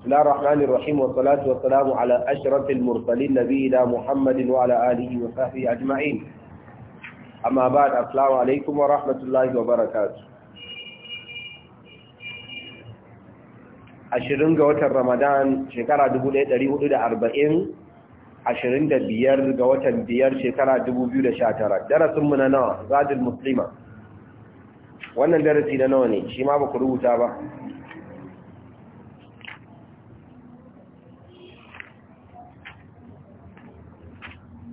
بسم الله الرحمن الرحيم والصلاة والسلام على أشرف المرسلين نبينا محمد وعلى آله وصحبه أجمعين أما بعد السلام عليكم ورحمة الله وبركاته ashirin ga watan Ramadan shekara dubu ɗaya ɗari hudu da arba'in ashirin da biyar ga watan biyar shekara dubu biyu da sha tara darasinmu na nawa zadul muslima wannan darasi na nawa ne shi ma ba ku rubuta ba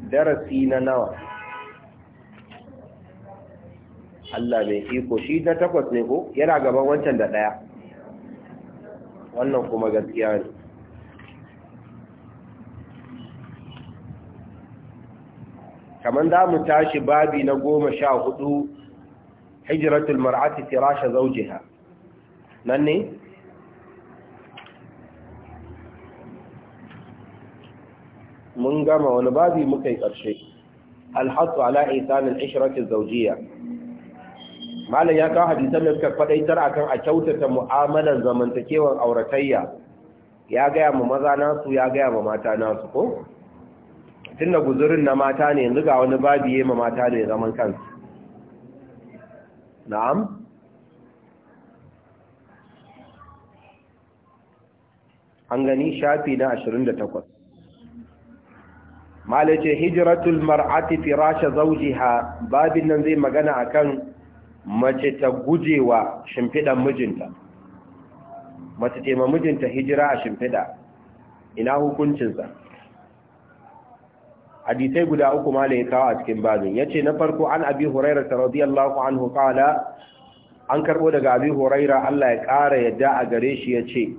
darasi na nawa Allah mai iko shi na takwas ne ko yana gaban wancan da ɗaya wannan kuma gaskiya ne kamar za mu tashi babi na goma sha hudu hijiratul mar'ati firasha zaujiha nan ne mun gama wani babi muka yi ƙarshe alhatsu ala isanin ishrakin zaujiya malam ya kawo hadisan da suka faɗaitar akan a kyautata mu'amalar zamantakewar auratayya ya gaya ma maza nasu ya gaya ma mata nasu ko tun da guzurin na mata ne yanzu ga wani babi ya ma mata ne zaman kansu na'am an gani shafi na 28 malace hijratul mar'ati firasha zawjiha babin nan zai magana akan mace ta gujewa shimfidan mijinta mace ta mijinta hijira a shimfida ina hukuncinsa hadisai guda uku ya kawo a cikin babin yace na farko an abi hurairah radiyallahu anhu qala an karbo daga abi hurairah Allah ya kara yadda a gare shi yace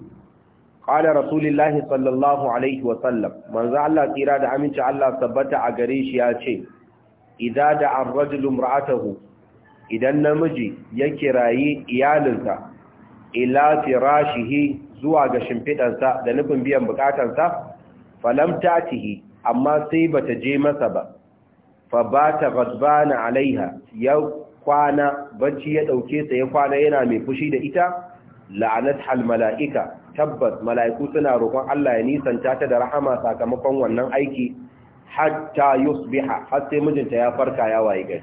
qala rasulullahi sallallahu alaihi wa sallam manzo Allah tsira da aminci Allah tabbata a gare shi ya ce idza da'a ar-rajulu imra'atahu idan namiji ya kiraye iyalinsa ila firashihi zuwa ga shimfidansa da nufin biyan bukatansa falam tatihi amma sai bata je masa ba fa bata ghadbana alaiha ya kwana bacci ya ɗauke sa ya kwana yana mai fushi da ita la'anat hal tabbas mala'iku suna roƙon Allah ya nisanta ta da rahama sakamakon wannan aiki hatta yusbiha har sai mijinta ya farka ya waye gari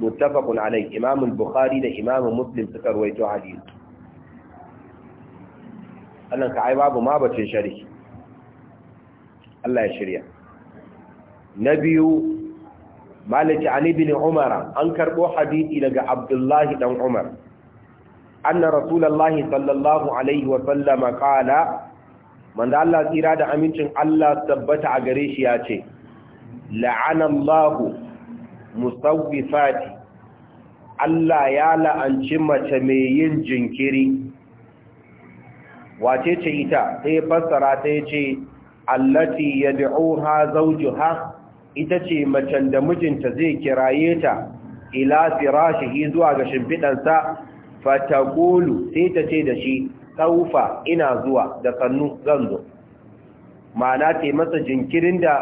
muttafaqun alai imam al-bukhari da imam muslim suka ruwaito hadisi annan ka ai babu ma bace shari Allah ya shirya na biyu malaki an ibn umara an karbo hadisi daga abdullahi dan umar anna rasulullahi sallallahu alaihi wa sallama Allah tsira da amincin Allah tabbata a gare shi ya ce La'anallahu, musawwifati Allah ya la'anci mace mai yin jinkiri wace ce ita sai fassara ta ce allati yad'uha zawjuha ita ce macen da mijinta zai kiraye ta ila firashihi zuwa ga shimfidansa fatakulu sai ta ce da shi tsaufa ina zuwa da sannu zan zo ma'ana ta masa jinkirin da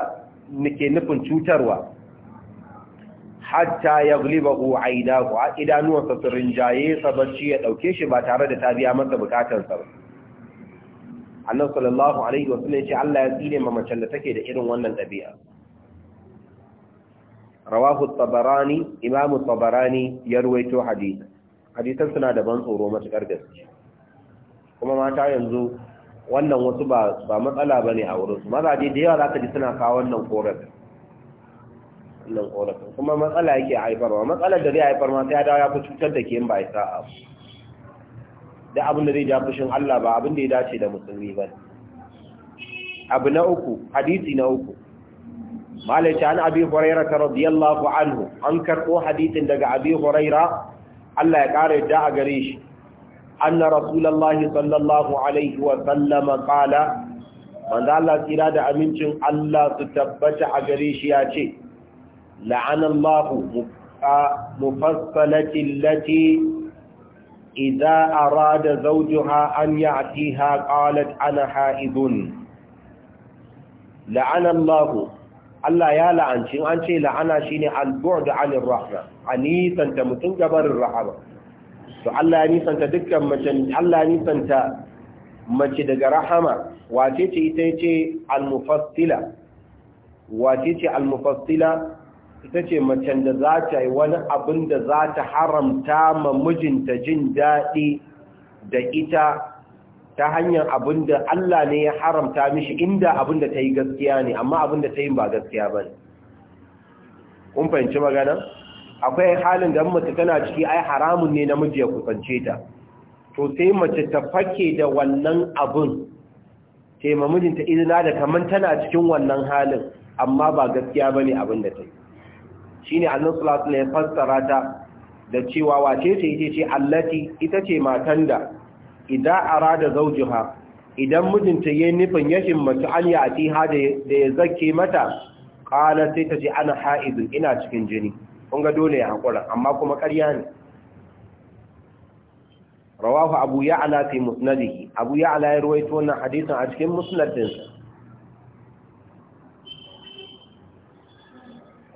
nake nufin cutarwa hatta ya gulibahu a a idanuwansa su bacci ya ɗauke shi ba tare da ta biya masa bukatarsa ba annan sallallahu alaihi wasu ne ce Allah ya tsine ma macen da take da irin wannan ɗabi'a rawahu tabarani imamu tabarani ya ruwaito hadith hadisan suna da ban tsoro matukar gaske kuma mata yanzu wannan wasu ba ba matsala bane a wurin su mazaje da yawa za ka ji suna kawo wannan korafin wannan korafin kuma matsala yake haifarwa matsalar da zai haifar ma sai ya dawo ya fi cutar da ke yin bai sa sa'a da abin da zai ja fushin Allah ba abin da ya dace da musulmi ba abu na uku hadisi na uku malaita an abi ta radiyallahu anhu an karɓo hadisin daga abi huraira Allah ya ƙara yadda a gare shi anna rasulallah sallallahu alaihi wa sallama qala Allah tsira da amincin Allah su tabbata a gare shi ya ce la'anallahu mufassalati allati idza arada zawjuha an ya'tiha qalat ana ha'idun la'anallahu Allah ya la'anci an ce la'ana shine al-bu'd 'anil rahma anisanta mutum gabarin rahama to Allah ya nisanta dukkan mace Allah ya nisanta mace daga rahama wace ce ita ce al-mufassila wace ce al-mufassila ita ce macen da za ta yi wani abin da za ta haramta ma mijinta jin daɗi da ita ta hanyar abin da Allah ne ya haramta mishi inda abin da ta yi gaskiya ne amma abin da ta yi ba gaskiya ba ne kun fahimci magana akwai halin da mace tana ciki ai haramun ne namiji ya kusance ta to sai mace ta fake da wannan abin ce mamijinta izina da kaman tana cikin wannan halin amma ba gaskiya ba ne abin da ta yi shi ne Allah sulasula ya fassara ta da cewa wace ce ita ce matan da idan arada zawjuha idan mijinta yayin nufin ya himmatu an ya atiha da ya zake mata qala sai ta ji ana ha'izu ina cikin jini kun ga dole ya hakura amma kuma ƙarya ne rawahu abu ya'la fi musnadihi abu ya'la ya ruwaito wannan hadisin a cikin musnadinsa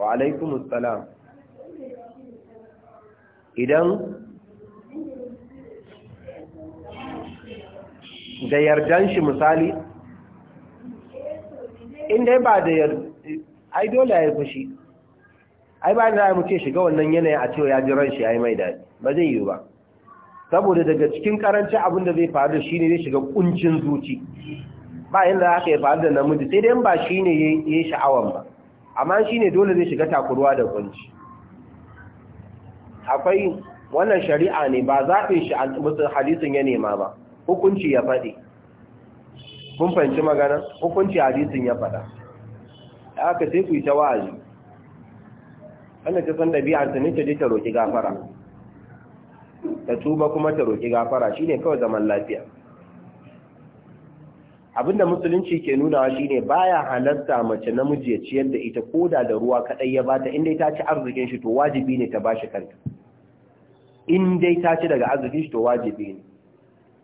wa alaikumus salam idan da yardan shi misali inda ba da yardan ai dole ya fushi ai ba da mu ce shiga wannan yanayin a cewa ya ji ran shi ai mai dadi ba zai yi ba saboda daga cikin karanci abin da zai faru shine zai shiga kuncin zuci ba za ka yi faru da namiji sai dai ba shine yayi sha'awan ba amma shine dole zai shiga takuruwa da kunci akwai wannan shari'a ne ba zafin shi a musu hadisin ya nema ba hukunci ya faɗi kun fahimci magana hukunci hadisin ya faɗa da aka sai ku yi ta wa'azi ana ta san ɗabi'ar ta nita ta roƙi gafara ta tuba kuma ta roƙi gafara shine kawai zaman lafiya abinda musulunci ke nunawa shine baya halatta mace namiji ya ciyar da ita ko da da ruwa kadai ya bata in dai ta ci arzikin shi to wajibi ne ta bashi kanta in dai ta ci daga arzikin shi to wajibi ne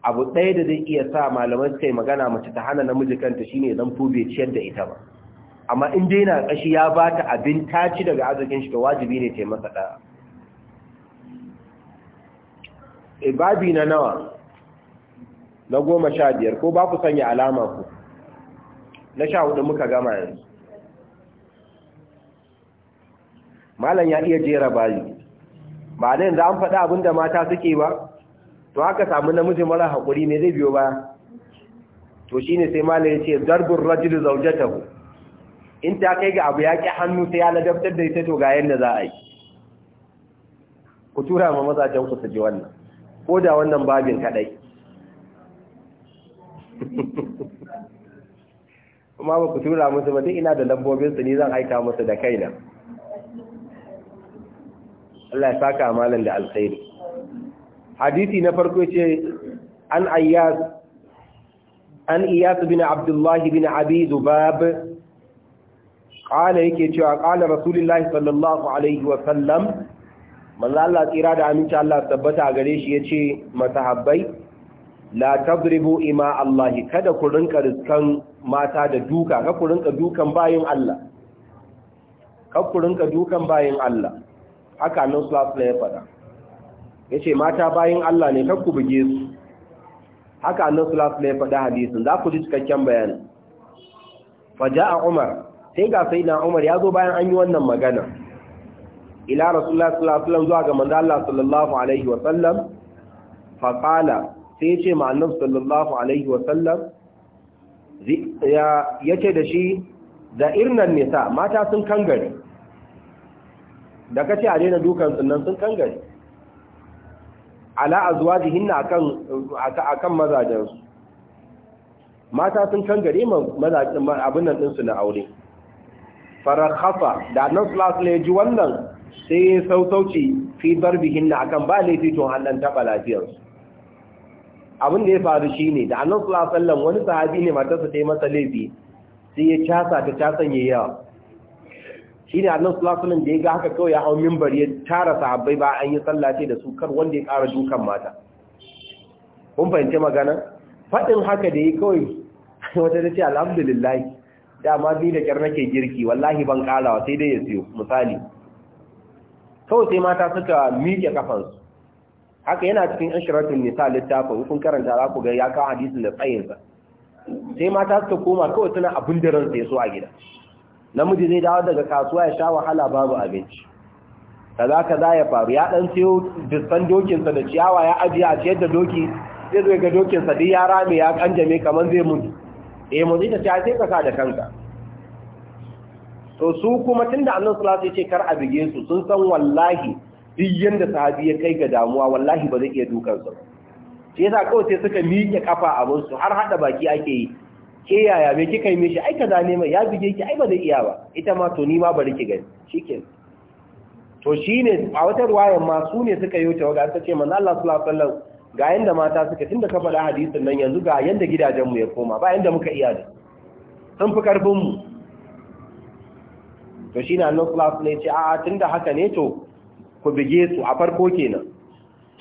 abu ɗaya da zai iya sa malamai suka yi magana mace ta hana namiji kanta shi ne zan to ciyar da ita ba amma in dai na ƙashi ya ba ta abin taci daga arzikin shi da wajibi ne ta yi masa ɗaya ibabi eh, na nawa na goma sha biyar ko ba ku sanya alama ku na sha hudu muka gama yanzu malam ya iya jera bali ba da za an faɗi abin da mata suke ba to haka samu namiji mara haƙuri ne zai biyo ba to shine sai malai ya ce zarbin rajul zaujatahu in ta kai ga abu ya ƙi hannu sai ya ladabtar da ita to ga yadda za a yi ku tura ma mazajen ku su ji wannan ko da wannan babin kaɗai kuma ba ku tura musu ba duk ina da su ni zan aika musu da kaina Allah ya saka malam da alkhairi hadisi na farko ce an عن بن bin الله bin abi zubab قال yake cewa qala rasulullahi sallallahu alaihi wa sallam manzo Allah tsira da aminci Allah tabbata a gare shi yace masahabbai la tadribu ima Allah kada ku rinka riskan mata da duka ka ku rinka dukan bayin Allah ka ku rinka dukan bayin Allah haka nan su ya faɗa ya ce mata bayan Allah ne kakku buge su haka annan sulasu ne faɗa hadisun za ku ji cikakken bayan faja a umar sai ga sai na umar ya zo bayan an yi wannan magana ila rasulullah sallallahu alaihi zuwa ga manzo Allah sallallahu alaihi wa sallam fa qala sai ce ma annabi sallallahu alaihi wa sallam ya yace da shi da irnan nisa mata sun kangare da kace a daina dukan sunan sun kangare ala azwajihinna akan akan su. mata sun kan gare mazajin abin nan din su na aure farakhafa da nan sallallahu alaihi ji wannan sai ya sautauci fi darbihinna akan ba laifi hannan hannun taɓa su. abin da ya faru shine da annabi sallallahu alaihi wani sahabi ne matarsa ta yi masa laifi sai ya casa ta casan yayi yawa shi ne annan sulasunan da ya ga haka kawai ya hau mimbar ya tara sahabbai ba an yi tsallace da su kar wanda ya ƙara dukan mata kun fahimci magana faɗin haka da ya kawai wata da ce da dama biyu da kyar nake girki wallahi ban ƙarawa sai dai ya siyo misali kawai sai mata suka miƙe kafansu haka yana cikin ashiratun nisa littafin kun karanta za ku ga ya kawo hadisin da tsayinsa sai mata suka koma kawai suna abin da ransa ya so a gida namiji zai dawo daga kasuwa ya sha wahala babu abinci kaza kaza ya faru ya dan dukkan dokin dokinsa da ciyawa ya ajiye a ciyar da doki sai zai ga dokinsa dai ya rame ya kanjame kamar zai mutu eh mu zai ta ta sai ka sa da kanka to su kuma tunda Allah sallallahu alaihi ce kar a bige su sun san wallahi duk yanda sahabi ya kai ga damuwa wallahi ba zai iya dukan su shi yasa kawai sai suka miƙe kafa abinsu su har hada baki ake yi ke yaya me kika yi mishi ai kaza ne mai ya bige ki ai ba zai iya ba ita ma to ni ma bari ki gani shikenan to shi ne a wata ruwayan ma su ne suka yi tawaga suka ce manzo Allah sallallahu alaihi wasallam ga yanda mata suka da ka faɗa hadisin nan yanzu ga yanda gidajen mu ya koma ba yanda muka iya da sun fi karfin mu to shine Allah sallallahu alaihi wasallam ya ce tun da haka ne to ku bige su a farko kenan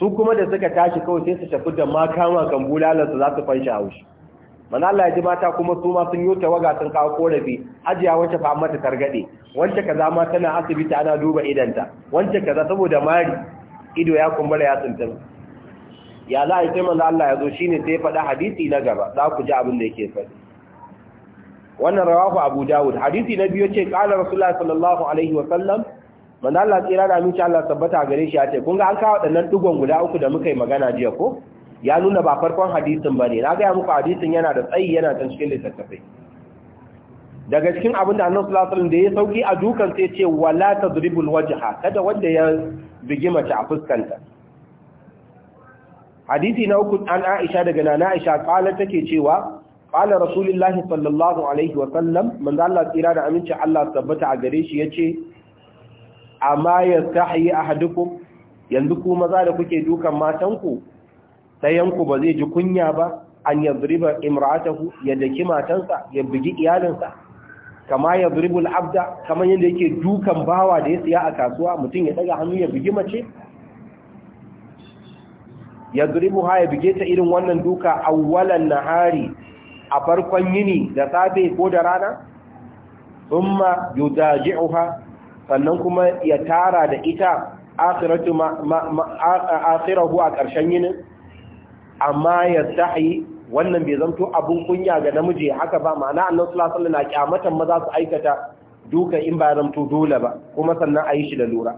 su kuma da suka tashi kawai sai su tafi da makama kan bulalar su za su fanshi haushi manzo Allah ya ji mata kuma su ma sun yi waga sun kawo korafi ajiya wacce fa mata targade wacce kaza ma tana asibiti ana duba idanta wacce kaza saboda mari ido ya kumbura ya tsintsin ya za a yi sai manzo Allah ya zo shine sai faɗa hadisi na gaba za ku ji abin da yake faɗi wannan rawahu Abu Dawud hadisi na biyu ce kala Rasulullah sallallahu alaihi wa sallam manzo Allah tsira da aminci Allah tabbata gare shi ya ce kun ga an kawo waɗannan dugon guda uku da muka yi magana jiya ko ya nuna ba farkon hadisin ba ne na gaya muku hadisin yana da tsayi yana can cikin littattafai daga cikin abin da annan sulasalin da ya sauki a dukan sai ce wala ta zuribul wajaha kada wanda ya bigi mace a fuskanta hadisi na uku an aisha daga nana aisha kala take cewa kala rasulullahi sallallahu alaihi wasallam manzo Allah tsira da aminci Allah tabbata a gare shi yace amma yastahi ahadukum yanzu ku maza da kuke dukan matan ku? ɗayanku ba zai ji kunya ba an zuriba Imratahu. ya daki matansa ya bugi iyalinsa kama zuribul abda kamar yadda yake dukan bawa da ya siya a kasuwa mutum ya daga hannu ya bugi mace ha ya buge ta irin wannan duka a walan nahari a farkon yini da safe ko da rana thumma yudaji'uha sannan kuma ya tara da ita akhiratu ma a ƙarshen yinin amma ya sahi wannan bai zanto abun kunya ga namiji haka ba ma'ana annabi sallallahu alaihi wasallam na kyamatan maza su aikata duka in ba zanto dole ba kuma sannan a yi shi da lura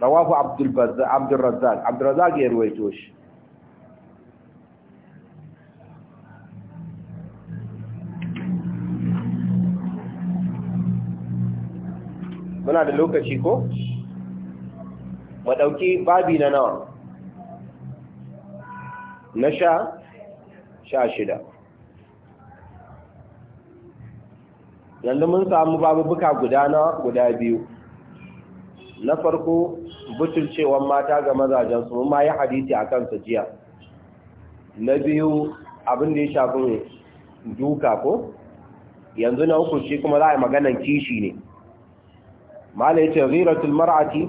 rawahu abdul bazza abdul razzaq abdul razzaq ya ruwaito shi muna da lokaci ko mu dauki babi na nawa na sha sha shida yanzu mun samu babubuka guda na guda biyu na farko butulcewan mata ga mazajensu mun ma yi hadisi a kansa jiya na biyu abin da ya shafi duka ko yanzu na uku shi kuma za a yi maganan kishi ne mala yace ghiratul mar'ati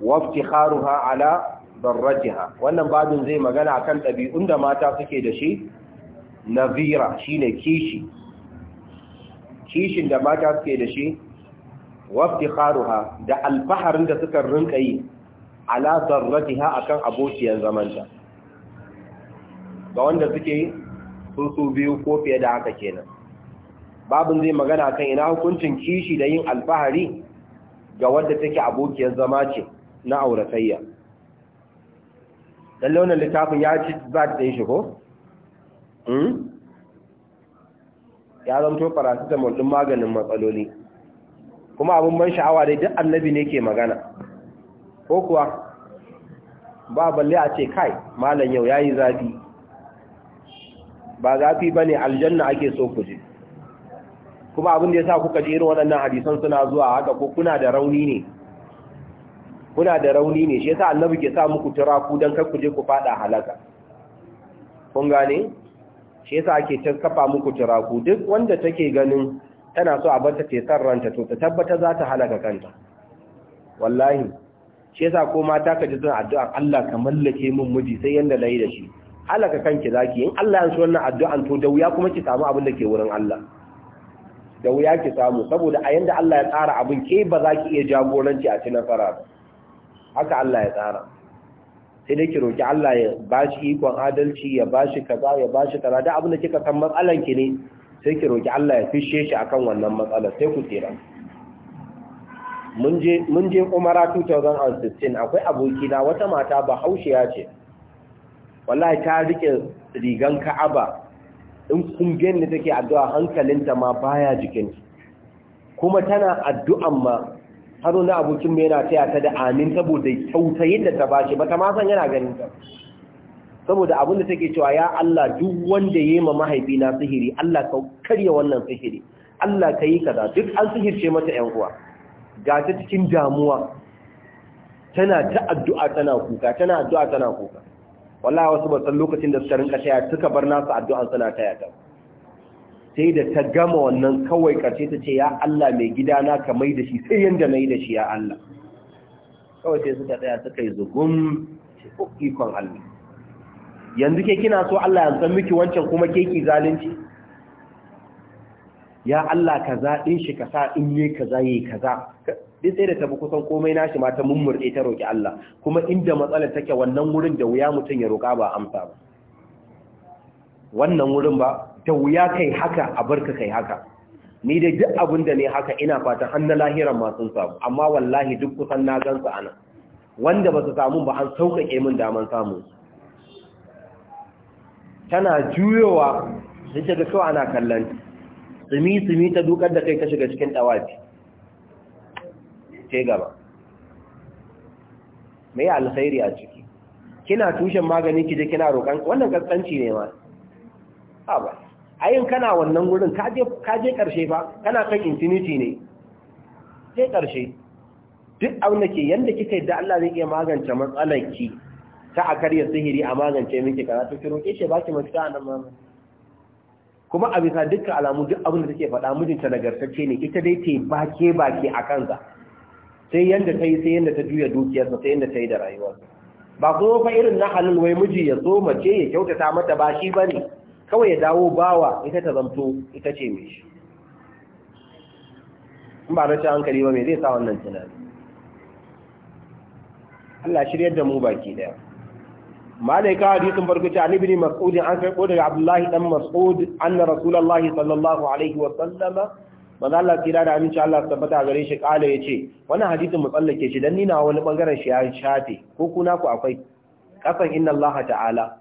wafti iftikharuha ala darrajiha wannan babin zai magana akan ɗabi'un da mata suke da shi nazira shine kishi kishin da mata suke da shi waftikharuha da alfaharin da suka rinka yi ala darrajiha akan abokiyar zamanta ga wanda suke su su biyu ko fiye da haka kenan babin zai magana kan ina hukuncin kishi da yin alfahari ga wanda take abokiyar zama ce na auratayya dan launin littafin ya ci ba ta ɗaya shi ko? Hmm? ya zamto paracetamol ɗin maganin matsaloli kuma abin ban sha'awa dai duk annabi ne ke magana ko kuwa ba balle a ce kai malam yau ya yi zafi ba zafi ba ne aljanna ake so ku je kuma abin da ya sa kuka ji irin waɗannan hadisan suna zuwa haka ko kuna da rauni ne kuna da rauni ne shi yasa annabi ke sa muku turaku dan kar ku je ku fada halaka kun gane shi yasa ake ta kafa muku turaku duk wanda take ganin tana so a bar ta san ranta to ta tabbata za ta halaka kanta wallahi shi yasa ko mata ka ji zan addu'a Allah ka mallake min miji sai yanda lai da shi halaka kanki zaki in Allah ya so wannan addu'an to da wuya kuma ki samu abin da ke wurin Allah da wuya ki samu saboda a yanda Allah ya tsara abin ke ba za ki iya jagoranci a ci nasara ba haka Allah ya tsara sai dai ki roki Allah ya bashi ikon adalci ya bashi kaza ya bashi kaza da abin da kika san matsalan ki ne sai ki roki Allah ya fishe shi akan wannan matsalar sai ku tsira mun je mun je Umara 2016 akwai aboki na wata mata Bahaushiya ce wallahi ta rike rigan Ka'aba in kun gani take addu'a hankalinta ma baya jikin. kuma tana addu'an ma hannu na abokin mai yana taya ta da amin saboda kyautayin da ta bashi ba ta masan yana ganin ta saboda abin da take cewa ya Allah duk wanda yayi ma mahaifi na sihiri Allah ka karya wannan sihiri Allah ka yi kaza duk an sihirce mata ƴan uwa ga ta cikin damuwa tana ta addu'a tana kuka tana addu'a tana kuka wallahi wasu ba san lokacin da suka rinka taya suka bar nasu addu'an suna taya ta sai da ta gama wannan kawai karshe ta ce ya Allah mai gidana ka mai da shi sai yanda mai da shi ya Allah kawai sai suka tsaya suka yi zugun oh, ikon Allah yanzu ke kina so Allah ya san miki wancan kuma ke ki zalunci ya Allah kaza din shi kasa in yi kaza yi kaza din sai da tabi kusan komai nashi ma ta mummurde ta roki Allah kuma inda matsalar take wannan wurin da wuya mutun ya roka ba amsa ba wannan wurin ba da wuya kai haka a barka kai haka ni da duk abin da ne haka ina fatan har na lahiran ma sun samu amma wallahi duk kusan na gansu ana. wanda ba su samu ba an sauƙaƙe min daman samu tana juyowa sun shiga kawai ana kallon tsumi-tsumi ta dukar da kai ta shiga cikin ɗawafi ce gaba mai alkhairi a ciki kina tushen magani kije kina roƙan wannan kaskanci ne ma ayin kana wannan wurin ka je ƙarshe ba kana kan infinity ne sai ƙarshe duk abin da ke yadda kika yadda Allah zai iya magance matsalar ki ta a karya sihiri a magance miki kaza to kiro roƙe shi baki mafita a nan ma kuma a bisa dukkan alamu duk abin da take faɗa mijinta nagartacce ne ita dai ta bake bake a kansa sai yanda ta yi sai yanda ta juya dukiyarsa sai yanda ta yi da rayuwarsa ba ko fa irin na halin wai miji ya zo mace ya kyautata mata ba shi bane kawai ya dawo bawa ita ta zamto ita ce mai shi in ba rashin hankali ba mai zai sa wannan tunani Allah shiryar da mu baki daya malai ka hadisin farko ce an ibn mas'ud an karbo daga abdullahi dan mas'ud anna rasulullahi sallallahu alaihi wa sallama manzo Allah kira da aminci Allah tabbata gare shi kala yace wannan hadisin mutsallake shi dan nina wani bangaren shi ya shafe ko kuna ku akwai kasan inna Allah ta'ala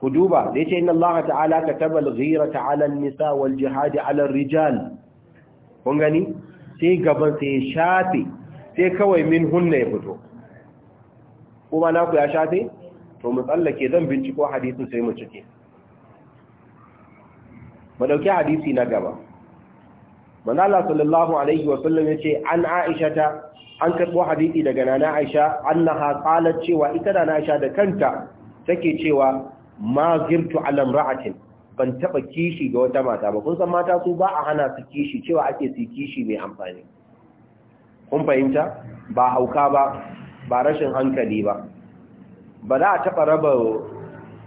ku duba da yace inna Allah ta'ala kataba al-ghirata 'ala an-nisa wal jihad 'ala ar-rijal kun gani sai gaban sai shafe sai kawai min hunna ya fito kuma na ku ya shafe to mu tsallake zan binciko hadisin sai mu cike mu dauki hadisi na gaba manzo Allah sallallahu alaihi wa sallam yace an Aisha an karbo hadisi daga nana Aisha annaha qalat cewa ita da Aisha da kanta take cewa ma girtu alam ra'atin ban taba kishi ga wata mata ba kun san mata su ba a hana su kishi cewa ake su kishi mai amfani kun fahimta ba hauka ba ba rashin hankali ba ba za a taba raba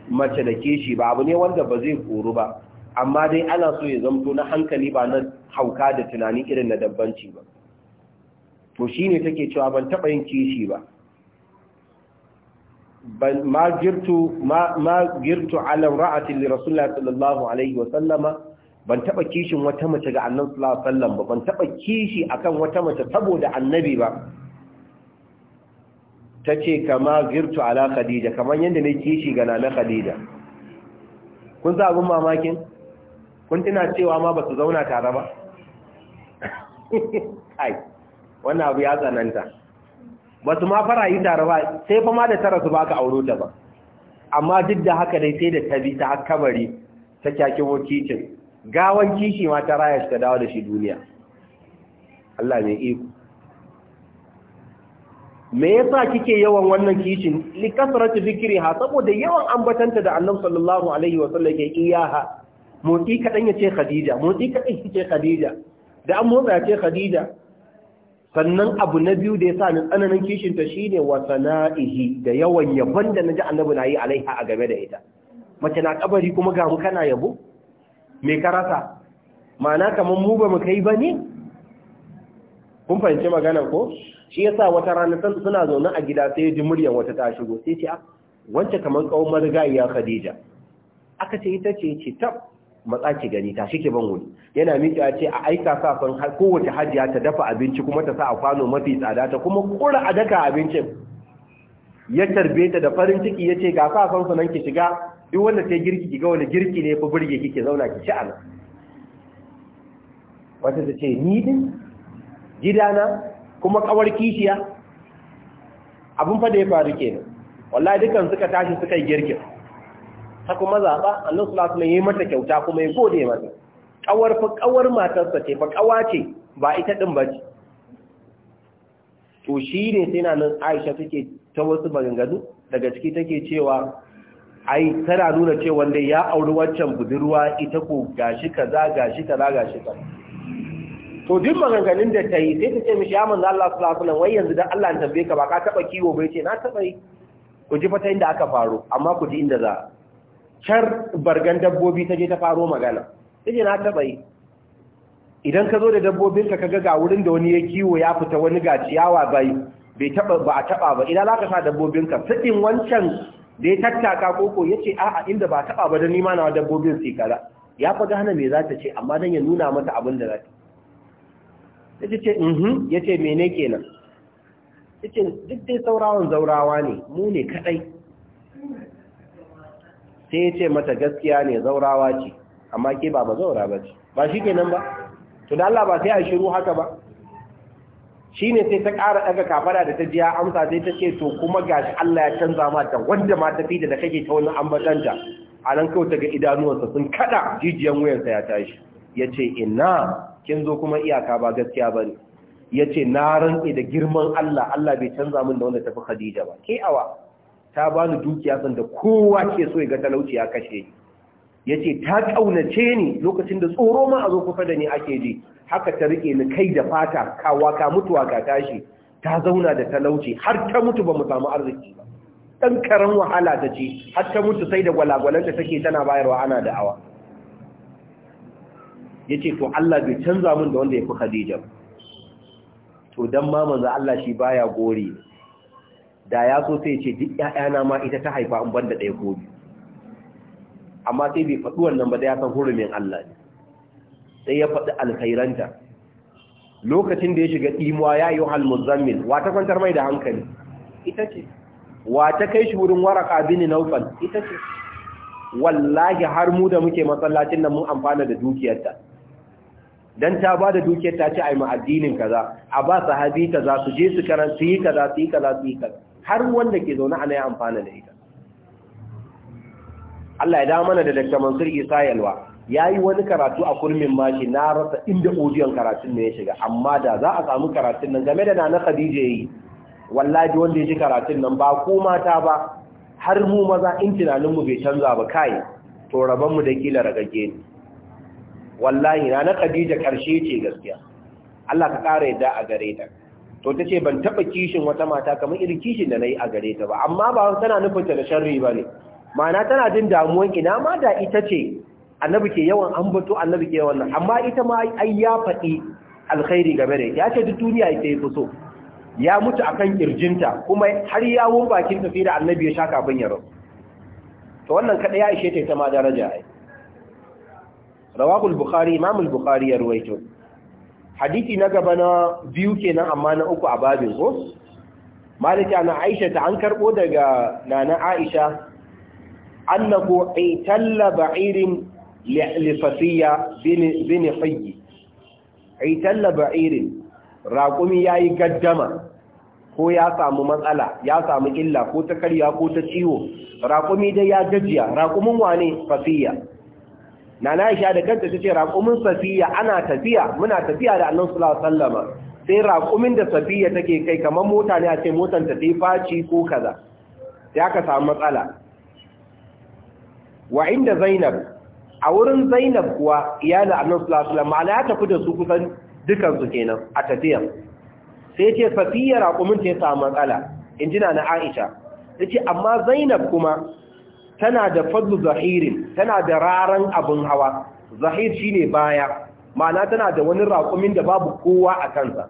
mace da kishi ba abu ne wanda ba zai koru ba amma dai ana so ya zamto na hankali ba na hauka da tunani irin na dabbanci ba to shine take cewa ban taba yin kishi ba ma girtu ما girtu ala ra'atin li rasulullahi sallallahu alaihi wa sallama ban taba kishin wata mace ga annabi sallallahu alaihi wasallam ba ban taba kishi akan wata mace saboda annabi ba tace kama girtu ala khadija kaman yanda ne kishi ga nana khadija kun za abun mamakin kun tana cewa ma ba su zauna tare ba ai wannan abu ya tsananta ba su ma fara yi tare ba sai fa ma da tara su ba ka auro ta ba amma duk da haka dai sai da ta bi ta hakabari ta kyakin wakicin gawan kishi ma ta raya shi ta dawo da shi duniya Allah mai iko me yasa kike yawan wannan kishin li kasratu ha saboda yawan ambatanta da Annabi sallallahu alaihi wa sallam ke iyaha motsi kadan yace Khadija motsi kadan yace Khadija da an motsa yace Khadija sannan abu na biyu da ya sa ni tsananin kishinta shi ne wa sana'ihi da yawan yabon da na ji annabi na yi alaiha a game da ita mace na kabari kuma ga mu kana yabo me ka rasa ma'ana kamar mu ba mu kai ba ne kun fahimci magana ko shi ya sa wata rana suna zaune a gida sai ji muryar wata ta shigo sai ce ah, wance kamar marigayi ya khadija aka ce ita ce ce tab matsa ki gani ta shi ke ban wuri yana miki a ce a aika safin kowace hajiya ta dafa abinci kuma ta sa a kwano mafi tsada ta kuma kura a daka abincin ya tarbe ta da farin ciki ya ce ga safin sunan ki shiga in wanda ta girki ki ga wani girki ne fi burge kike zauna ki ci ana wata ta ce ni din gidana kuma kawar kishiya Abin fa da ya faru kenan wallahi dukan suka tashi suka yi girkin ta kuma zaɓa Allah sulatu mai yi mata kyauta kuma ya gode mata ƙawar fa ƙawar matarsa ce fa ƙawa ce ba ita ɗin ba ce to shi ne sai na nan aisha take ta wasu maganganu daga ciki take cewa ai tana nuna ce dai ya auri waccan budurwa ita ko gashi kaza gashi kaza gashi kaza to duk maganganun da ta yi sai ta ce mishi ya manzo Allah sallallahu alaihi wai yanzu da Allah ya tambaye ka ba ka taba kiwo bai ce na taba yi ku ji fata inda aka faru amma ku ji inda za car bargan dabbobi ta je ta faro magana sai na taba yi idan ka zo da dabbobin ka ga wurin da wani ya kiwo ya fita wani ga ciyawa bai bai taba ba a taba ba idan zaka sa dabbobin ka, sadin wancan da ya tattaka koko yace a'a inda ba taba ba da nima na dabbobin sai kaza ya faga hana me za ta ce amma dan ya nuna mata abin da za ta yace ce mhm yace mene kenan yace duk dai saurawan zaurawa ne mu ne kadai sai ya ce mata gaskiya ne zaurawa ce amma ke ba ba zaura ba ce ba shi kenan ba to da Allah ba sai a shiru haka ba shi ne sai ta ƙara ɗaga kafara da ta jiya amsa sai ta ce to kuma gashi Allah ya canza mata wanda ma ta fi da kake ta wani ambatanta a nan kawai ta ga idanuwansa sun kada jijiyan wuyansa ya tashi ya ce ina kin zo kuma iyaka ba gaskiya ba ne ya ce na rantse da girman Allah Allah bai canza min da wanda ta fi Khadija ba ke awa ta bani dukiya sanda kowa ke so ya ga talauci ya kashe ni yace ta kaunace ni lokacin da tsoro ma a zo kufa da ni ake ji haka ta rike ni kai da fata kawa ka mutuwa ka tashi ta zauna da talauci har ta mutu ba mu samu arziki ba Ɗan karan wahala ta ce har ta mutu sai da gwalagwalanta take tana bayarwa ana da'awa yace to Allah bai canza min da wanda yafi Khadija to dan ma manzo Allah shi baya gori da ya so sai ce duk 'ya'yana ma ita ta haifa in banda ɗaya ko biyu amma sai bai faɗi wannan ba da ya san hurumin Allah ne sai ya faɗi alkhairanta lokacin da ya shiga ɗimuwa ya yi hal muzammil wa ta kwantar mai da hankali ita ce wa ta kai shi wurin waraka bini naufal ita ce wallahi har mu da muke masallacin nan mun amfana da dukiyarta dan ta ba da dukiyar ta ce ai mu addinin kaza a ba sahabi kaza su je su karanta su yi kaza su yi kaza su yi kaza har wanda ke zaune ana ya amfana da ita Allah ya da mana da Dr. Mansur Isa Yalwa ya yi wani karatu a kurmin mashi na rasa inda odiyon karatun ne ya shiga amma da za a samu karatun nan game da na Khadija yi wallahi wanda ya ji karatun nan ba ko mata ba har mu maza in tunaninmu bai canza ba kai to mu da kila ragage ne wallahi na Khadija karshe ce gaskiya Allah ka ƙara yadda a gare ta to ta ce ban taba kishin wata mata kamar irin kishin da na yi a gare ta ba amma ba tana nufinta da sharri ba ne ma'ana tana jin damuwan ina ma da ita ce annabi ke yawan ambato annabi ke yawan amma ita ma ai ya faɗi alkhairi game da ya ce duk duniya ita ya so ya mutu akan kirjinta kuma har ya wun bakin tafi da annabi ya sha kafin ya to wannan kada ya ishe ta ita ma daraja ai rawahul bukhari imamul bukhari ya ruwaito Haditi na gaba na biyu kenan amma na uku a babin ko malika na aisha ta an karbo daga nana aisha annahu italla ba'irin li fasiya bin hayy italla ba'irin ya yayi gaddama ko ya samu matsala ya samu illa ko ta karya ko ta ciwo Raƙumi dai ya gajiya raqumin wane fasiya nana Aisha da kanta ta ce raƙumin safiya ana tafiya muna tafiya da annan sulawar sallama sai raƙumin da safiya take kai kamar mota ne a ce motar ta faci ko kaza ya ka samu matsala wa inda Zainab a wurin Zainab kuwa iyalin Annabi sallallahu alaihi wasallam ma'ana ya tafi da su kusan dukansu kenan a tafiya sai ce safiya raƙumin ta ya samu matsala in jina na Aisha ce amma Zainab kuma tana da fadlu zahirin tana da raran abin hawa zahir shine baya ma'ana tana da wani raƙumin da babu kowa a kansa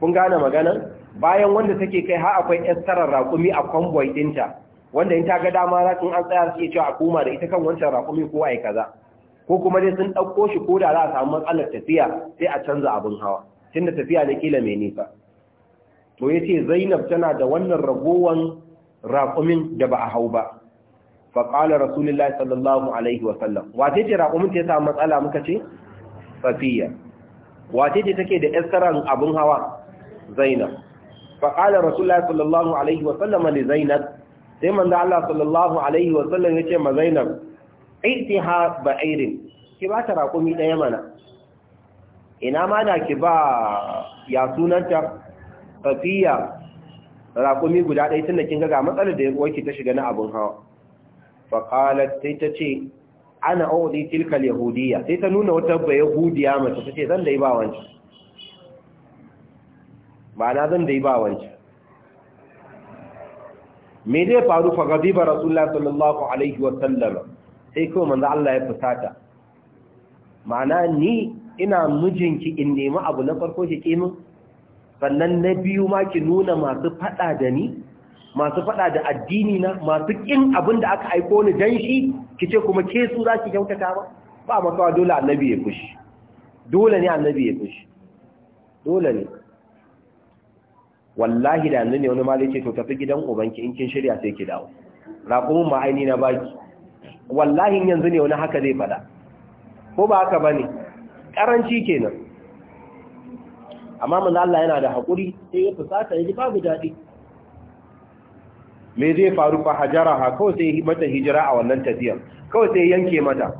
kun gane magana bayan wanda take kai har akwai estarar raƙumi a convoy ɗinta wanda in ta ga dama za an tsaya su iya cewa a koma da ita kan wancan raƙumi ko ai kaza ko kuma dai sun ɗauko shi ko da za a samu matsalar tafiya sai a canza abin hawa tunda tafiya na kila mai nisa to ya ce zainab tana da wannan ragowan raƙumin da ba a hau ba fa qala sallallahu alaihi wa sallam wace ce raƙumin ta ya matsala muka ce safiya wace ce take da iskaran abun hawa zainab fa qala sallallahu alaihi wa sallam zainab sai manzo Allah sallallahu alaihi wa sallam yace ma zainab aitiha ba'irin ki ba ta raƙumi ɗaya mana ina ma na ki ba ya sunanta safiya raƙumi guda ɗaya tun kin ga matsalar da ya ki ta shiga na abin hawa faƙalar sai ta ce ana audi tilkal yahudiya sai ta nuna wata ba yahudiya mace ta ce zan da yi ba wancan ba na zan da yi ba wancan me zai faru fa gaziba rasulullah sallallahu alaihi wa sallama sai kuma manzo Allah ya fusata ma'ana ni ina mijinki in nemi abu na farko ki kimin sannan na biyu ma ki nuna masu fada da ni masu faɗa da addini na masu ƙin abin da aka aiko ni dan shi ki ce kuma ke su za ki kyautata ba ba makawa dole annabi ya fushi dole ne annabi ya fushi dole ne wallahi da annabi wani mali ce to tafi gidan ubanki in kin shirya sai ki dawo kuma ma aini na baki wallahi yanzu ne wani haka zai faɗa ko ba haka bane Karanci kenan amma manzo Allah yana da haƙuri sai ya fusata ya ji babu daɗi me zai faru fa ha kawai sai yi mata hijira a wannan tafiyar kawai sai yanke mata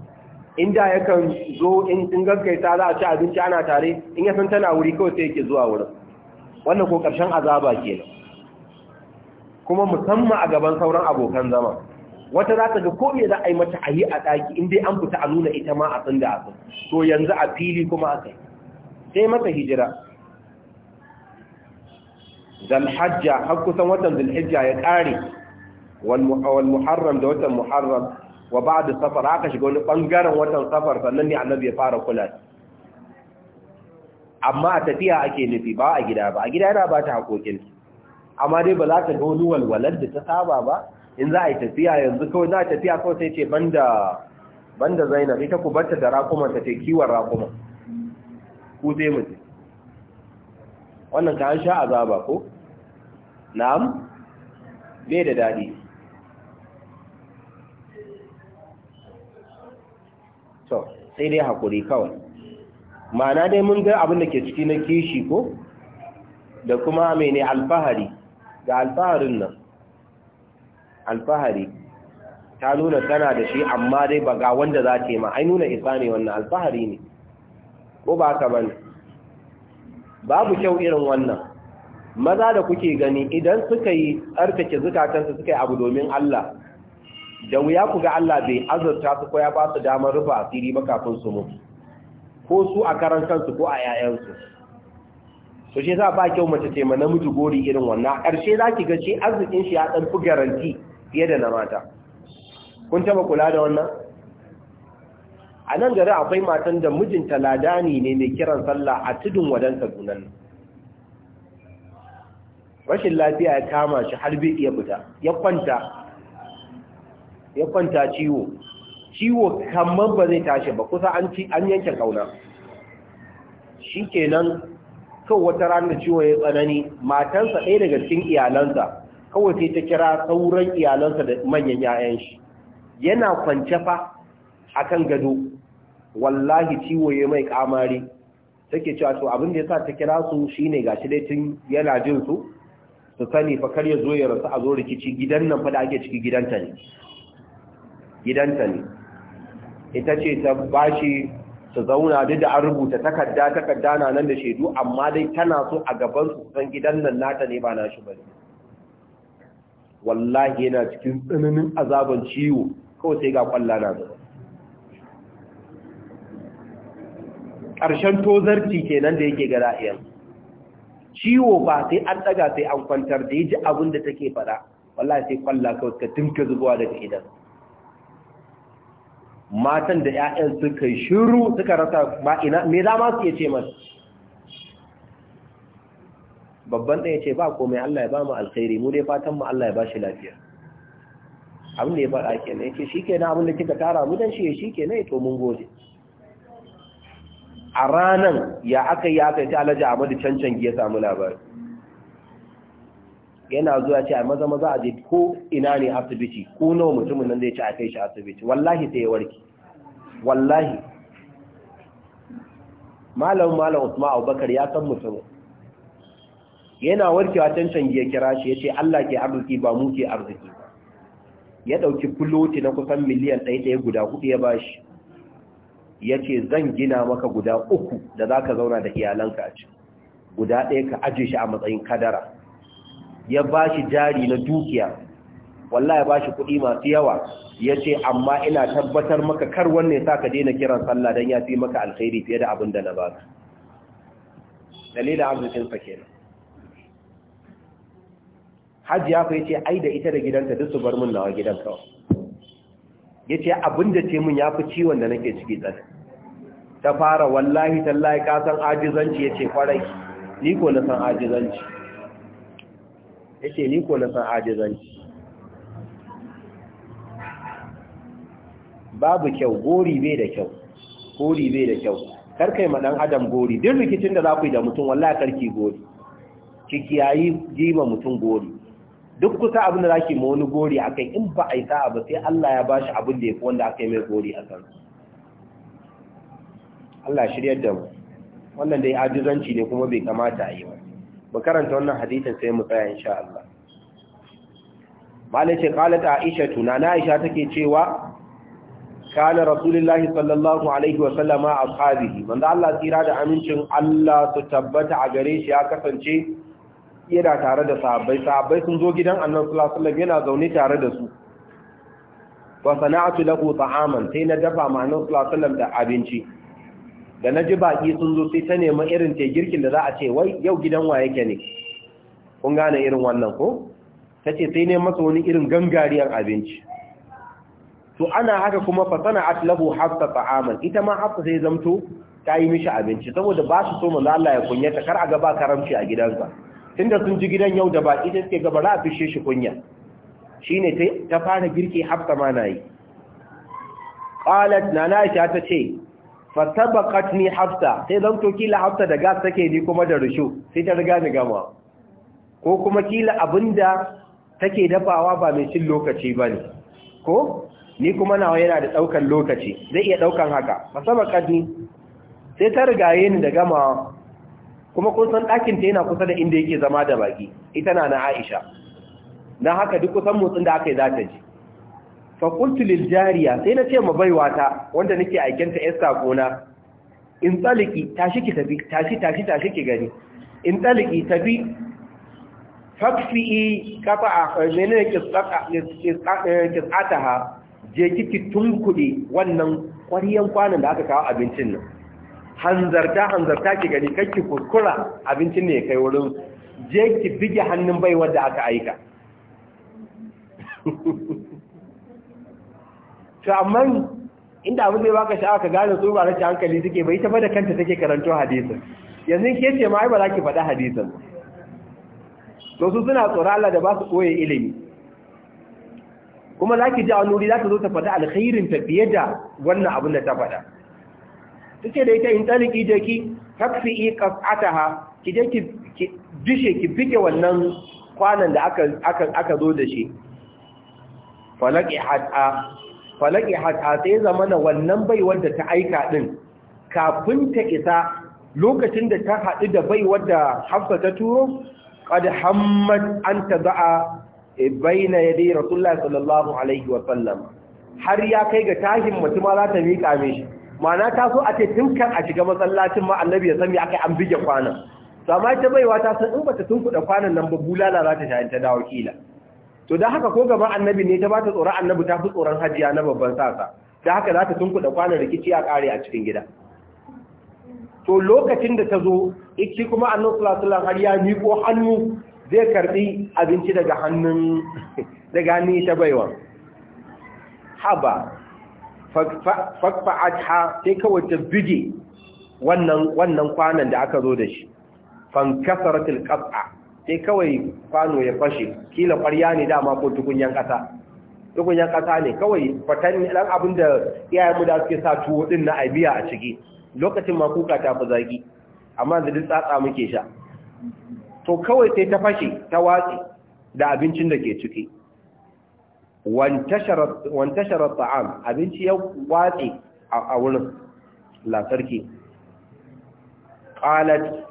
inda yakan zo in in gaggaita za a ci abinci ana tare in ya san tana wuri kawai sai yake zuwa wurin wannan ko karshen azaba kenan kuma musamman a gaban sauran abokan zama wata za ta ga ko me za a yi mata a yi a ɗaki in dai an fita a nuna ita ma a tsinda a to yanzu a fili kuma a kai sai mata hijira zalhajja har kusan watan zalhajja ya ƙare wal muharram da watan muharram wa ba'da safar aka shiga wani bangaren watan safar sannan ne annabi ya fara kula amma a tafiya ake nufi ba a gida ba a gida yana ba ta hakokin amma dai ba za ta ga wani walwalar da ta saba ba in za a yi tafiya yanzu kawai za a tafiya kawai sai ce banda banda zainab ita ku barta da rakuman ta ce kiwon rakuma ku zai mutu wannan ka an sha azaba ko na'am bai da daɗi to sai dai hakuri kawai ma'ana dai mun ga abin da ke ciki na kishi ko da kuma mene alfahari ga alfaharin nan alfahari ta nuna tana da shi amma dai ba ga wanda za ta yi ma ai nuna isa ne wannan alfahari ne ko ba ka bane babu kyau irin wannan maza da kuke gani idan suka yi tsarkake zukatansu suka yi abu domin Allah da wuya ku ga Allah bai azurta su ko ya ba su damar rufe asiri ba kafin su mu ko su a karan kansu ko a 'ya'yansu to shi yasa ba kyau mace ce ma namiji gori irin wannan Karshe zaki ga shi arzikin shi ya ɗan fi garanti fiye da na mata kun taɓa kula da wannan a nan gari akwai matan da mijinta ladani ne mai kiran sallah a tudun wadan Kaduna rashin lafiya ya kama shi har bai iya fita ya kwanta ya kwanta ciwo ciwo kamar ba zai tashi ba kusa an ci an yanke kauna shikenan kawai wata ranar ciwo ya tsanani matansa ɗaya daga cikin iyalansa kawai sai ta kira sauran iyalansa da manyan 'ya'yan shi yana kwance fa kan gado wallahi ciwo ya mai kamari take cewa to abin da yasa ta kira su shine gashi dai tun yana jin su su sani fa kar ya zo ya rasu a zo rikici gidan nan fa da ake ciki gidanta ne gidanta ne ita ce ta bashi su zauna duk da an rubuta takarda takarda na nan da shaidu amma dai tana so a gaban su san gidan nan nata ne ba nashi bane wallahi yana cikin tsananin azaban ciwo kawai sai ga kwalla na ƙarshen tozarci ke nan da yake ga ra'ayar ciwo ba sai an ɗaga sai an kwantar da ya ji abin da take faɗa wallahi sai kwalla kawai ka dinka zubowa daga idan matan da 'ya'yan suka shiru suka rasa ma'ina mai za su iya ce masu babban ɗaya ce ba komai Allah ya ba mu alkhairi mu dai fatan mu Allah ya ba shi lafiya abin da ya faɗa kenan ya ce shi na abin da kika tara mu dan shi ya shi na ya to mun gode a ranan ya aka yi aka yi ta alhaji amadu cancan ya samu labari yana zuwa ce a maza maza a je ko ina ne asibiti ko nawa mutumin nan zai ci a kai shi asibiti wallahi sai ya warke wallahi malam malam usman abubakar ya san mutumin yana warkewa cancan ya kira shi ya ce allah ke arziki ba mu ke arziki ya ɗauki kuloti na kusan miliyan ɗaya ɗaya guda hudu ya bashi Yace zan gina maka guda uku da za ka zauna da iyalanka a ciki guda ɗaya ka aje shi a matsayin kadara ya ba shi jari na dukiya wallahi ba shi kuɗi masu yawa yace. amma ina tabbatar maka kar wannan sa ka daina kiran sallah don ya fi maka alkhairi fiye da abin da na baka dalilin arzikinsa kenan hajji ya fa ce ai da ita da gidanta duk su bar min nawa gidan kawai ya ce abin da ce mun ya fi ciwon da nake ciki tsar ta fara wallahi tallahi ka san ajizanci ya ce kwarai ni ko na san ajizanci ya ce ni ko na san ajizanci babu kyau gori bai da kyau gori bai da kyau karkai ma dan adam gori duk rikicin da za ku yi da mutum wallahi karki gori ki kiyayi jima mutum gori duk kusa abin da zaki ma wani gori a kai in ba a yi sa'a ba sai Allah ya bashi abin da ya fi wanda aka yi mai gori a kan Allah shiryar da mu wannan dai ajizanci ne kuma bai kamata a yi ba ba karanta wannan hadisin sai mu tsaya insha Allah ce qalat aisha tuna na aisha take cewa kana rasulullahi sallallahu alaihi wa sallama ashabihi manzo Allah tsira da amincin Allah su tabbata a gare shi ya kasance yana tare da sahabbai sahabbai sun zo gidan annabi sallallahu alaihi wasallam yana zaune tare da su wa sana'atu lahu ta'aman sai na dafa ma annabi sallallahu alaihi wasallam da abinci da na ji baki sun zo sai ta nemi irin ce girkin da za a ce wai yau gidan wa yake ne kun gane irin wannan ko tace sai ne masa wani irin gangariyar abinci to ana haka kuma fa sana'atu lahu hatta ta'aman ita ma hafsa sai zamto ta yi mishi abinci saboda ba su so manzo Allah ya kunyata kar a ga ba karamci a gidansa tunda sun ji gidan yau da baki da suke gaba a fishe shi kunya shine ta fara girki hafsa ma nayi qalat nana aisha ta ce fa ni hafsa sai zan to kila hafsa da gas take ni kuma da rushu sai ta riga ni gama ko kuma kila abinda take dafawa ba mai cin lokaci bane ko ni kuma nawa yana da daukan lokaci zai iya daukan haka fa sabaqatni sai ta rigaye ni da gama kuma kun san ɗakin yana kusa da inda yake zama da baki ita na na Aisha Na haka duk kusan motsin da aka yi za ta ji fa qultu sai na ce ma ta wanda nake aikinta yar gona in tsaliki tashi ki tafi tashi tashi tashi ki gani in tsaliki tafi fakfi'i kafa a eh, menene eh, ha je kiki tunkuɗe wannan ƙwariyan kwanan da aka kawo abincin nan hanzarta hanzarta ki gani kakki kuskura abincin ne kai wurin je ki bige hannun bai wadda aka aika to amma inda abin da ya baka sha'awa ka gane su ba rashin hankali suke bai ta bada kanta take karanto hadisin yanzu ke ce ma ai ba za ki faɗa hadisin to su suna tsoron Allah da ba su koye ilimi kuma za ki ji a nuri za ta zo ta faɗa alkhairin ta fiye da wannan abin da ta faɗa yace da ita in taliki je ki takfi'i qas'ataha ki je ki dishe ki bige wannan kwanan da aka aka aka zo da shi falaki hatta falaki hatta sai zamana wannan bai wanda ta aika din kafin ta isa lokacin da ta haɗu da bai wadda hafsa ta turo qad hammat an da baina yadi rasulullah sallallahu alaihi wa sallam har ya kai ga tahin mutum za ta mika mishi Mana ta so a ce kan a shiga matsalacin ma annabi ya san aka an bige kwanan to amma ita baiwa ta san in bata tun kuɗa kwanan nan ba bulala za ta sha ta dawo kila to da haka ko gaban annabi ne ta bata tsoron annabi ta fi tsoron hajiya na babban sasa da haka za ta tun kuɗa kwanan rikici a ƙare a cikin gida to lokacin da ta zo iki kuma annabi sallallahu alaihi wasallam har ya miƙo hannu zai karbi abinci daga hannun daga ni ta baiwa haba fakfa'adha sai kawai ta bige wannan kwanan da aka zo da shi fankasaratul qat'a sai kawai kwano ya fashe kila ƙwarya ne dama ko tukunyan ƙasa tukunyan ƙasa ne kawai fatan dan abin da iyayen mu da suke sa tuwo din na aibiya a ciki lokacin ma kuka ta fi zagi, amma da duk tsatsa muke sha to kawai sai ta fashe ta watsi da abincin da ke ciki wantashara ta'am abinci ya watsi a wurin lasarki qalat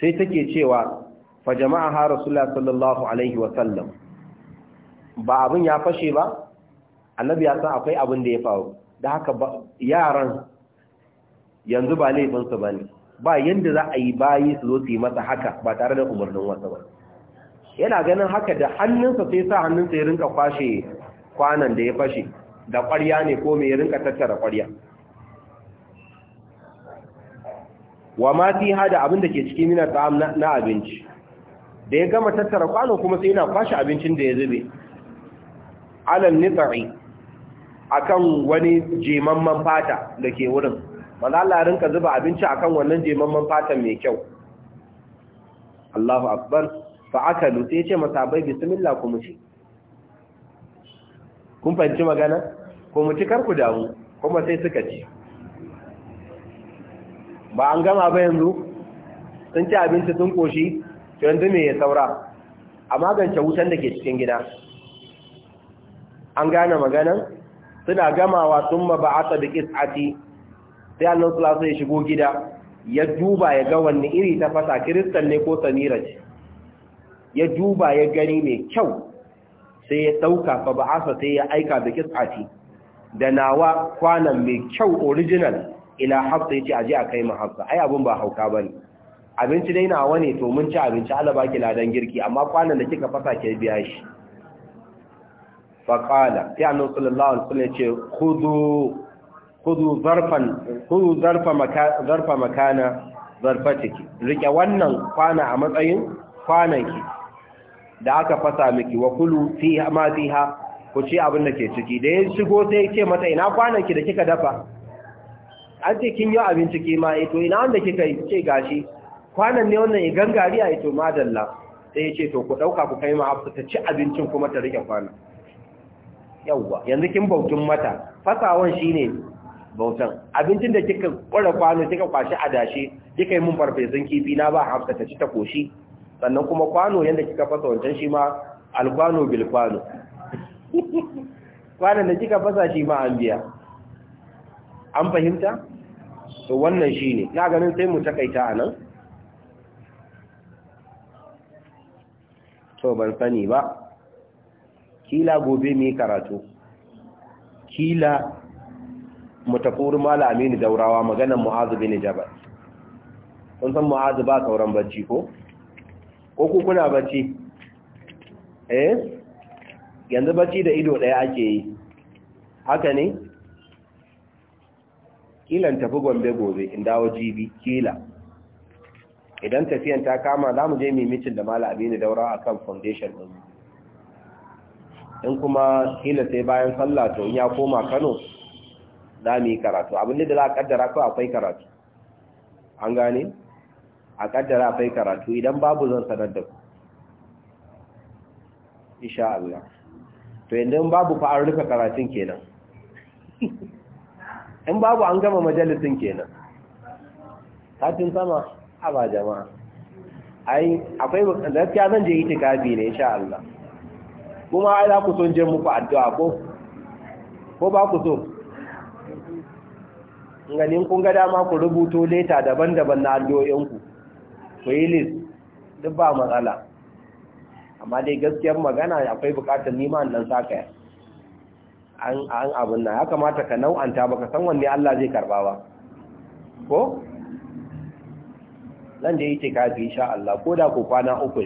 sai take cewa fa jama'a ha rasulullah sallallahu alaihi wa sallam ba abin ya fashe ba annabi ya san akwai abin da ya faru da haka yaran yanzu ba laifinsu ba ne ba yadda za a yi bayi su zo su yi masa haka ba tare da umarnin wasa ba yana ganin haka da hannunsa sai sa hannunsa ya rinka kwashe kwanan da ya fashe da ƙwarya ne ko mai rinka tattara ƙwarya wa ma fi da abinda ke cikin mina ta'am na abinci da ya gama tattara kwano kuma sai yana kwashe abincin da ya zube alal nitsari kan wani jemamman fata da ke wurin malala rinka zuba abinci a kan wannan jemamman fata mai kyau Allahu akbar fa'akalu sai ce masabai bismillah ku muci kun fahimci magana ko muci kar ku damu kuma sai suka ci ba an gama ba yanzu sun ci abinci sun koshi yanzu me ya saura a magance wutan da ke cikin gida an gane maganan suna gamawa sun maba'ata da kis'ati sai annan sulasa ya shigo gida ya duba ya ga wanne iri ta fasa kiristan ne ko samira ce ya duba ya gani mai kyau sai ya ɗauka fa asa sai ya aika da kis'ati da nawa kwanan mai kyau original ila hafsa ya ce aje a kai hafsa ai abin ba hauka ba ne abinci dai nawa ne to mun ci abinci ala baki ladan girki amma kwanan da kika fasa ke biya shi faƙala ya annu sallallahu alaihi wasallam ya ce kudu zarfa makana zarfa ciki rike wannan kwana a matsayin ki da aka fasa miki wa kulu fi ma fiha ku ci abin da ke ciki da ya shigo sai ce mata ina kwananki da kika dafa an ce kin yi abinci ciki ma ito eh, ina wanda kika yi ce gashi kwanan ne wannan ya gangari a ito madalla sai ya ce to ku ɗauka ku kai ma hafsa ta ci abincin kuma ta rike kwanan yawwa yanzu kin bautun mata fasawan shine bautan abincin da kika kwara kwano kika kwashi adashi kika yi mun farfesun kifi na ba hafsa ta ci ta koshi sannan kuma kwano yadda kika fasa wancan shi ma alkwano bil kwano kwanan da kika fasa shi ma an biya an fahimta to wannan shi ne. na ganin sai mu takaita anan to ban sani ba kila gobe mu karatu kila mutafur mala aminu daurawa maganan mu'azu bin jabal Sun san mu'azu ba sauran bacci ko ko ku kuna bacci eh yanzu bacci da ido ɗaya ake yi haka ne kilan tafi gombe gobe in dawo jibi kila idan tafiyan ta kama za mu je mimicin da mala abinu daura a kan foundation ɗin in kuma kila sai bayan sallah to in ya koma kano za mu yi karatu abin da za a kaddara kawai akwai karatu an gane a kaddara akwai karatu idan babu zan sanar da ku insha Allah to yanzu babu fa an rufe karatun kenan in babu an gama majalisin kenan katin sama a ba jama'a ai akwai gaskiya zan je itikafi ne insha Allah kuma ai za ku son je muku addu'a ko ko ba ku so ganin kun ga dama ku rubuto leta daban-daban na addu'o'inku ku yi duk ba matsala amma dai gaskiyar magana akwai bukatar nima nan sakaya an abin nan ya kamata ka nau'anta baka san wanne Allah zai karba ba ko nan da yake kafi insha Allah ko da ko kwana uku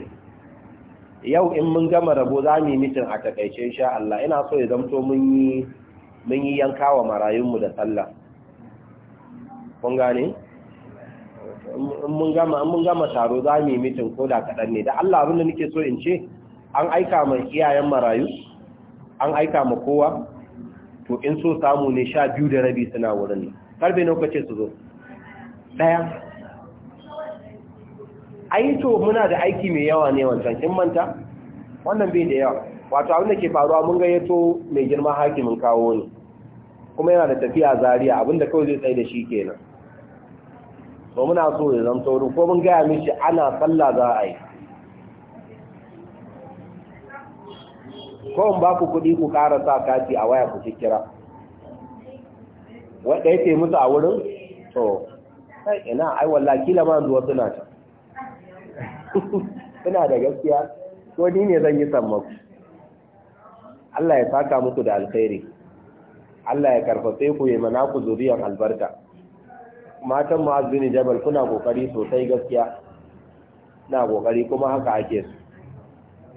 yau in mun gama rabo za mu yi mitin a takaice insha Allah ina so ya zamto mun yi mun yi yankawa marayunmu da sallah kun gane mun gama an mun gama taro za mu yi mitin ko da kaɗan ne da Allah abin da nake so in ce an aika ma iyayen marayu an aika ma kowa to in so samu ne sha biyu da rabi suna wurin ne karbe nawa kace su zo ɗaya ai to muna da aiki mai yawa ne wancan kin manta wannan bai da yawa wato abin da ke faruwa mun gayyato mai girma hakimin kawo ne kuma yana da tafiya zaria abin da kawai zai tsaye da shi kenan ba muna so ya zama wurin ko mun gaya mishi ana sallah za a yi ko in ba ku kuɗi ku ƙara sa kati a waya ku kira wadda yake musu a wurin to sai ina ai wallahi kila ma zuwa suna ta Suna da gaskiya ko ni ne zan yi sammaku Allah ya saka muku da alkhairi Allah ya karfafe ku yi mana ku zuriyar albarka matan mu jabal kuna kokari sosai gaskiya na kokari kuma haka ake su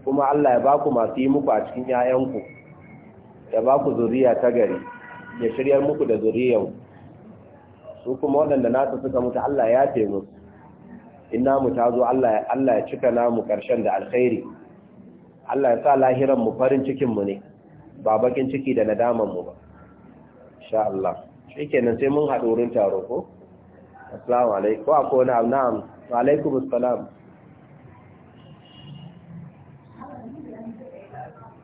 kuma Allah ya baku masu yi muku a cikin 'ya'yanku. ya baku zuriya ta gari ya shiryar muku da zuriyan su kuma waɗanda nasu suka mutu Allah ya ce musu mu ta zo Allah ya cika namu karshen da alkhairi Allah ya sa lahiran mu farin cikin mu ne ba bakin ciki da nadaman mu ba insha Allah shikenan sai mun haɗu wurin taro ko assalamu alaikum wa ko na'am na'am wa alaikum assalam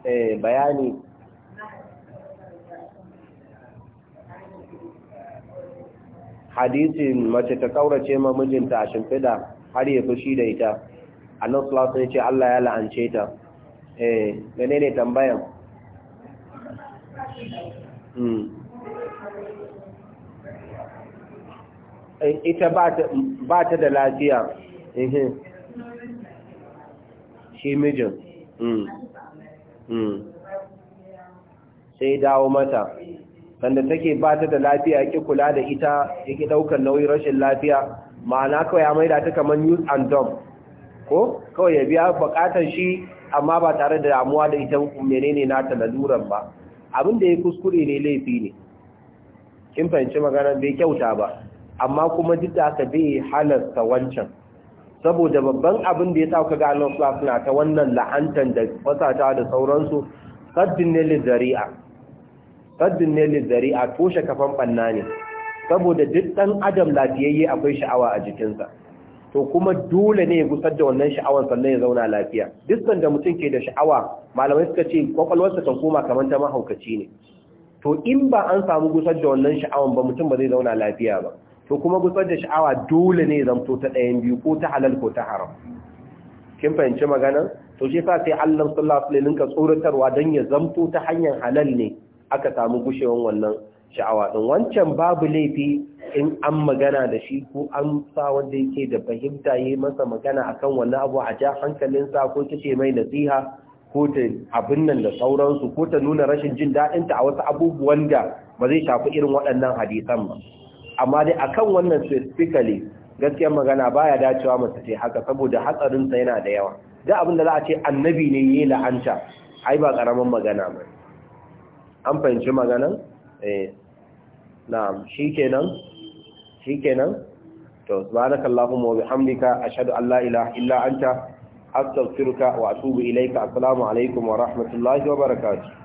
eh bayani hadisin mace ta kaurace ma mijinta a shimfida har ya fushi da ita annan sulasa ya ce Allah ya la'ance ta eh menene tambayan hmm. ita ba ta da lafiya shi mijin mm. Mm. sai dawo mata sanda take ba ta da lafiya ya kula da ita ya yake daukar nauyin rashin lafiya ma'ana kawai ya da ta kamar news and dumb ko kawai ya biya bukatar shi amma ba tare da damuwa da ita menene nata laluran ba abin ya kuskure ne laifi ne kin fahimci magana bai kyauta ba amma kuma duk da aka bai halarta wancan saboda babban abin da ya sa kaga Allah suna suna ta wannan la'antan da fasata da sauransu saddin ne lizari'a saddin ne lizari'a toshe kafan banna ne saboda duk dan adam lafiyayye akwai sha'awa a jikinsa to kuma dole ne ya gusar da wannan sha'awar sannan ya zauna lafiya san da mutum ke da sha'awa malamai suka ce kwakwalwarsa kan koma kamar ta mahaukaci ne to in ba an samu gusar da wannan sha'awar ba mutum ba zai zauna lafiya ba to kuma gutsar da sha'awa dole ne zamto ta ɗayan biyu ko ta halal ko ta haram kin fahimci magana to shi sa sai Allah sallallahu alaihi wasallam ka tsoratarwa dan ya zamto ta hanyar halal ne aka samu gushewan wannan sha'awa din wancan babu laifi in an magana da shi ko an sa wanda yake da fahimta yayi masa magana akan wannan abu a ja hankalin sa ko kace mai nasiha ko ta abin nan da sauransu ko ta nuna rashin jin daɗinta a wasu abubuwan da ba zai shafi irin waɗannan hadisan ba amma dai akan wannan specifically gaskiyar magana baya dacewa mace ce haka saboda hatsarin sa yana da yawa da abin da za a ce annabi ne yi la'anta ai ba karaman magana ba an fahimci maganan eh na'am shikenan shikenan to subhanakallahu wa bihamdika ashhadu an la ilaha illa anta astaghfiruka wa atubu ilayka assalamu alaikum wa rahmatullahi wa barakatuh